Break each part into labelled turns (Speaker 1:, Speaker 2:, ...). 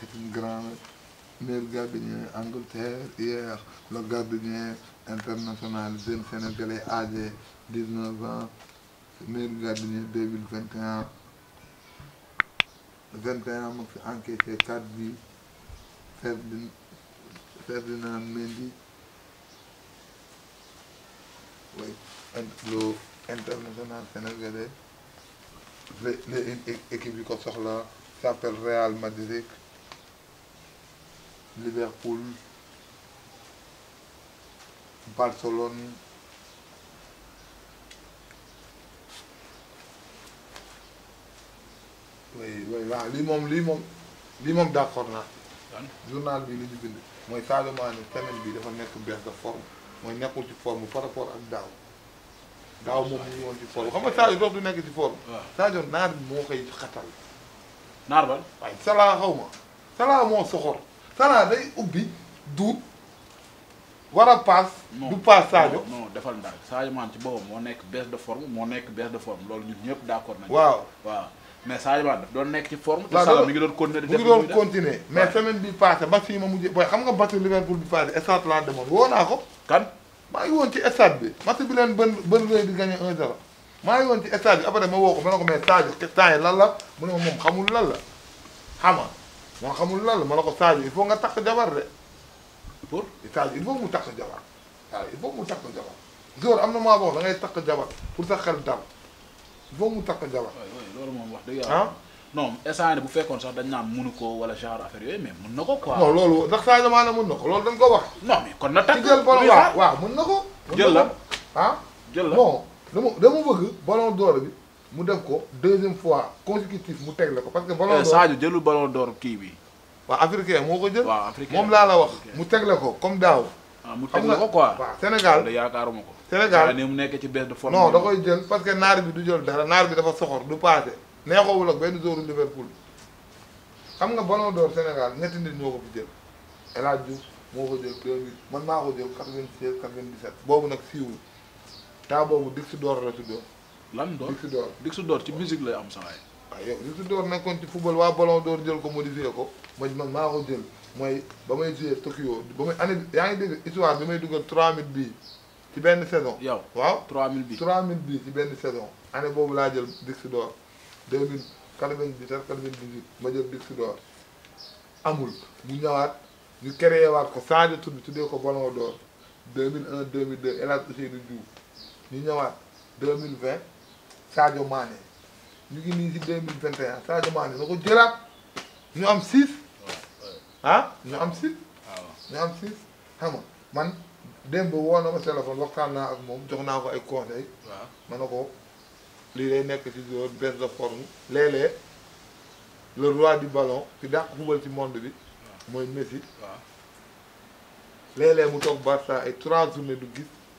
Speaker 1: c'est une grande meilleure en Angleterre hier, le gardien international jeune sénégalais âgé 19 ans, Même Gabinier 2021. 21 ans, a enquêté, 4 vies, Ferdinand Mendy, oui, le international sénégalais, l'équipe du ko s'appelle Real Madrid. Liverpool, Barcelone, oui oui waaw lii moom lii moom lii moom d'accord naa journal bi li ñu bind mooy Sadio Mané semaine bi dafa nekk baisse de forme mooy nekkul ci forme par rapport ak daaw daaw moom ngi woon ci forme xam nga Sadio dof du nekk ci forme Sadio naar bi xatal bal soxor Salah day ubbi du war a paas. du paas Sadio non defal ndànk Sadio
Speaker 2: Mané ci boppam moo nekk baisse de forme moo nekk baisse de forme loolu ñun ñëpp d' accord nañu. waaw waaw mais
Speaker 1: doon nekk ci forme. te Salah mi doon continuer di mais semaine bi passé ba fii ma mujjee booy xam nga match Liverpool bi passé stade laa demoon woo naa ko. maa ngi woon ci stade bi. match bi leen bën bën rëy di gagné 1-0 maa ngi woon ci stade bi après ma woo ko ma ne ko mais Sadio temps yi lan la mu ne moom xamul lan la xama mo xamul lan mo ma la ko Sadio il faut nga takk jabar de pour Sadio il faut mu takk jabar waaw il faut mu takk jabar góor amna ma bo da ngay takk jabar pour sa xel dam il faut mu takk jabar.
Speaker 2: non instant eh, bu fekkoon sax dañ naan munu ko wala genre affaire yooyu eh, mais mun na quoi. non loolu
Speaker 1: ndax Sadio mun dañ ko wax. non mais kon na jël mun jël la jël la dama dama bëgg ballon d'or bi. mu def ko deuxième fois consécutif mu teg la ko parce que. ballon d'or eh, Sadio jëlul ballon kii bi. waaw africain moo ko jël. waaw africain moom laa la wax. mu teg la ko comme daaw. ah mu teg la ko quoi Sénégal da yaakaaruma ko. Sénégal waaye mu nekk ci benn forme. non da koy jël parce que naar bi du jël dara naar bi dafa soxor du paase. neexoowul ak benn joueur Liverpool xam nga ballon door Sénégal ñetti nit ñoo ko fi jël El moo ko jël premier man naa ko jël quatre-vingt-seize vingt boobu nag siiwul taa boobu dig si door la tuddoon lan door Dixi Door Dixi Door ci musique lay am sa waay. Ah, waaw yow Dixi Door nekkoon ci football waa Ballon d'Or jël ko modifié ko man man maa ko jël mooy ba may joué Tokyo ba may année yaa ngi dégg histoire bi may dugal 3000 bii ci benn saison. yow waaw 3000 bii 3000 bii ci benn saison. année boobu laa jël Dixi Door 2000 97 98 ma jël Dixi Door amul mu ñëwaat ñu créé waat ko Sadio tur bi tuddee ko Ballon d'Or 2001 2002 El Hadj Ousseynou Diouf ñu ñëwaat 2020. Sadio Mané ñu ngi nii si deux mille vingt et un Sadio na ko jëlaat ñu am six ah ñu am six ah ñu am six xam man démb woo na ma téléphone waxtaan naa ak moom jox naa ko ay conseil ah. ma ne ko lii lay nekk ci zone baisse de forme léeg-léeg roi du ballon ci dàq fubal ci monde bi ah. mooy Messi léeg-léeg mu toog Barça ay trois journées du gis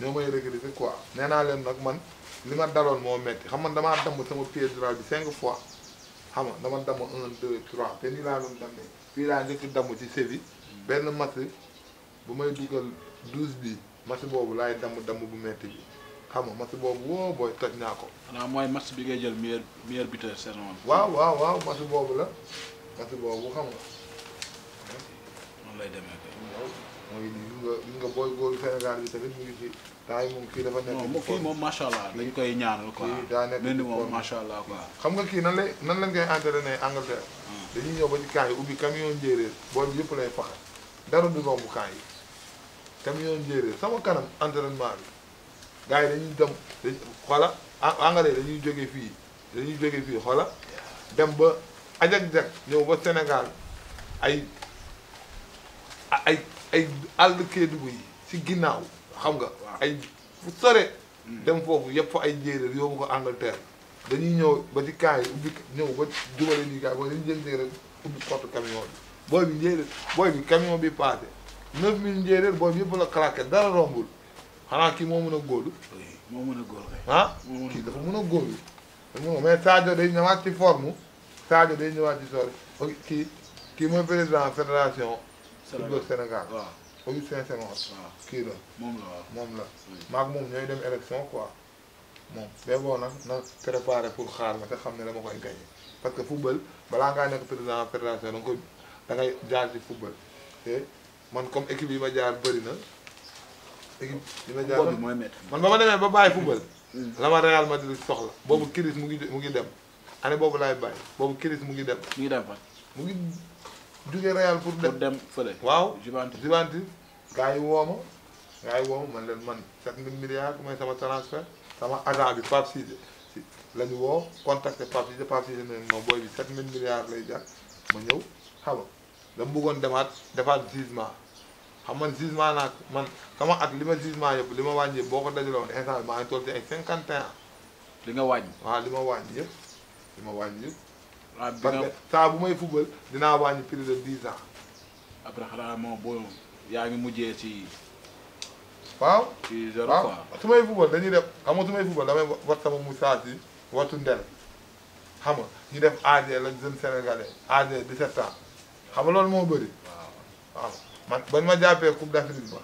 Speaker 1: ñoo may regretté quoi nee naa leen nag man li ma daloon moo metti xam man damaa damm sama pied droit bi cinq fois xam nga dama damm un deux trois te nii laa doon dammee fii laa njëkk damm ci sévi benn match bu may dugal douze bi match boobu laay damm damm bu metti bi xam nga match boobu booy toj naa ko.
Speaker 2: xanaa mooy match bi ngay jël meilleur meilleur buteur saison waaw waaw
Speaker 1: waaw match boobu la match boobu xam nga. noonu lay demee mooy mu nga gis nga booy góor Sénégal bi tamit mu ngi fi temps moom kii dafa nekk. moom kii moom macha allah dañ koy ñaanal ko kii daa nekk moom macha allah quoi. xam nga kii nan lay nan lañ koy entraîné Angleterre. Hmm. dañuy ñëw ba ci kaa yi ubbi camion njéeréer booy bi yëpp lay faxe dara du romb kaa yi camion njéeréer sama kanam entraînement bi gars yi dañuy dem dañuy xoola anglais dañuy jóge fii dañuy jógee fii xola dem ba ajak jak ñëw ba Sénégal ay. ay àll Kédougou yi si ginnaaw xam nga ay fu sore dem de yëpp fa ay njéeréer yóbbu ko Angleterre dañuy ñëw ba ci kaa de ubbi ñëw ba jubale nii kaa yi mooy dañuy jël njéeréer ubbi porte camion bi booy bi njéeréer booy bi camion bi passé neuf mille njéeréer booy bi yëpp la que dara que xanaa kii moo mën a góolu moo mën a góor kay ah kii dafa mën a góolu mais Sadio day ñëwaat que forme Sadio que ñëwaat que sori kii kii mooy président fédération football Sénégal Augustin Senghor kii la moom la moom la maag moom ñooy dem élection quoi moom bee boo nag na préparé pour xaar ma te xam ne dama koy gagné parce que football balaa ngaa nekk président fédération da nga koy da ngay jaar ci football te man comme équipe yi ma jaar bëri na équipe yi ma jaar man ba ma demee ba bàyyi football mm. la ma Real Madrid soxla boobu Kiris mu ngi mu ngi dem année boobu laay bàyyi boobu Kiris mu ngi dem mu ngi dem mu ngi jugee Real pour dem pour dem fële. waaw Juventus Juventus. gars yi woo ma gars yi woo man leen man 7000 milliards mooy sama transfert sama agent bi Pape Cissé la woo contacté Pape Cissé Pape Cissé ne moom booy bi 7000 milliards lay jar ma ñëw xam nga dama bëggoon demaat defaat jugement xam man jugement naa man sama at li ma jugement yëpp li ma wàññi boo ko dajaloon instant bi maa ngi toll ci ay 51 ans. li nga wàññi. waaw li ma wàñ yëpp li ma wàññi yëpp. waaw ah, parce que saa bu may football dinaa wàññi plus de dix ans. après xanaa moom boo
Speaker 2: yaa ngi mujjee ci. waaw ci zéro quoi waaw
Speaker 1: su may football dañuy def xam nga su may football damay war sama moustache yi wartu ndel xam nga ñu def AG la jeune sénégalais AG 17 ans xam nga loolu moo bëri. waaw waaw man bañ ma jàppee Coupe d'Afrique ba.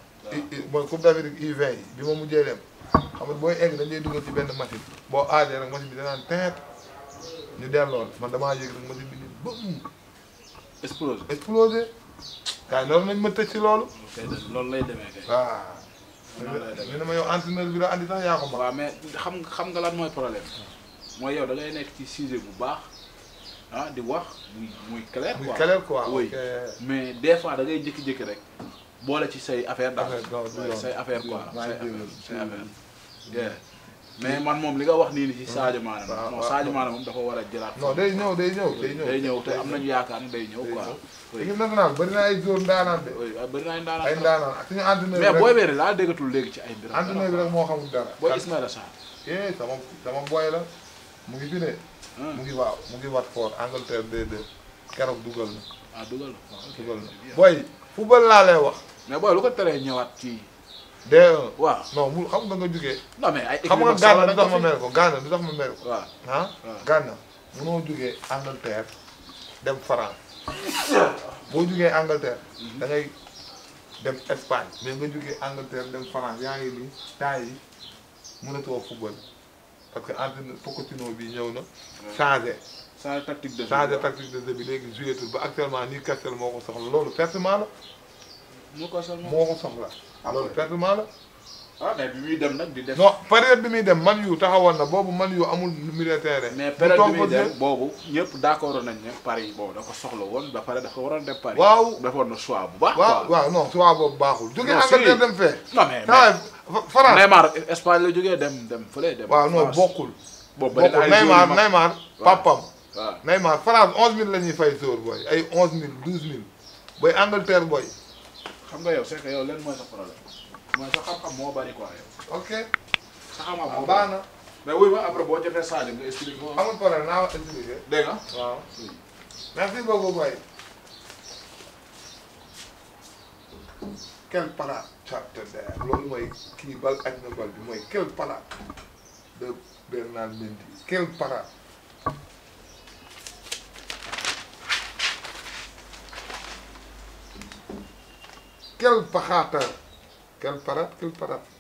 Speaker 1: mooy Coupe d'Afrique U20 yi bi ma mujjee dem xam nga booy egg dañ lay dugal ci benn machine boo AG rek machine bi danaan teet. ñu delloo man damaa yëg rek ma dindi ñu bëm. explosé explosé. kaay noonu nañ ma tëj ci loolu. kay loolu lay demee kay. waaw. ñu ne ma yow bi la andi sax yaa ko
Speaker 2: mais xam xam nga lan mooy problème mooy yow da ngay nekk ci sujet bu baax ah di wax muy muy clair quoi muy clair quoi oui mais des fois da ngay jékki-jékki rek boole ci say affaire daal. affaire say affaire quoi say affaire. Mm. mais man moom li nga wax nii nii ci Sadio Mané. waaw ah, non ah, ah. moom dafa war a jëlaat. non day
Speaker 1: ñëw day ñëw day ñëw
Speaker 2: te am nañu yaakaar ne day ñëw quoi. day ñëw nationale bëri na ay zone ndaanaan de. bëri na
Speaker 1: ay ndaanaan ay ndaanaan ak suñu entraîneur laa déggatul léegi ci ay mbir. entraîneur bi rek moo xamul dara. booy Ismaïla Sarr. eh sama sama booy la mu ngi fi mu ngi waaw mu ngi Watford Angleterre 2-2 keroog dugal na. ah dugal na waaw dugal na booy laa lay wax. mais booy lu ko teree ñëwaat ci D1 waaw non mu xam nga nga jugee. mais ay xam nga Ghana du tax ma mel ko ah? Ghana du tax ma mel Angleterre dem France boo jugee Angleterre mhm. da dem Espagne mais nga jugee Angleterre dem France yaa ngi nii temps yi mënatoo football parce que entraîneur Pochettino bi ñëw na changé. changé tactique de jeu changé tactique de jeu bi léegi joué ba actuellement nii Castel moo ko soxla loolu pertement moo ko soxla moo ko soxla. loolu pertement la. Ah, bi muy dem nag di def. non période bi muy dem man yu taxawoon na boobu man yu amul militaire. mais période bi muy dem boobu ñëpp d' accord
Speaker 2: nañ ne Paris boobu da ko soxla woon ba pare dafa waroon dem Paris. waaw defoon na choix bu baax. waaw waaw non
Speaker 1: choix boobu baaxul. jóge Angleterre dem fee. non mais France Neymar
Speaker 2: Espagne la jógee dem dem fële dem. waaw non bokkul.
Speaker 1: boobu bëri na ay Neymar Neymar papam. waaw Neymar France 11000 la ñuy fay jour booy ay 11000 12000 booy Angleterre booy. xam nga yow c'est que yow leen mooy sa problème mooy sa xam-xam moo bari quoi yow. ok
Speaker 2: sa moo ah, baax
Speaker 1: na. mais wuy ma après boo jotee Sadio nga expliqué ma. amul problème naa wax expliqué. dégg nga waaw. merci beaucoup Boy. quel loolu mooy kii bal ak na bal bi mooy quel palaat de Bernard Mendy quel palaat. Kelparata. Kelparata, Kelparata.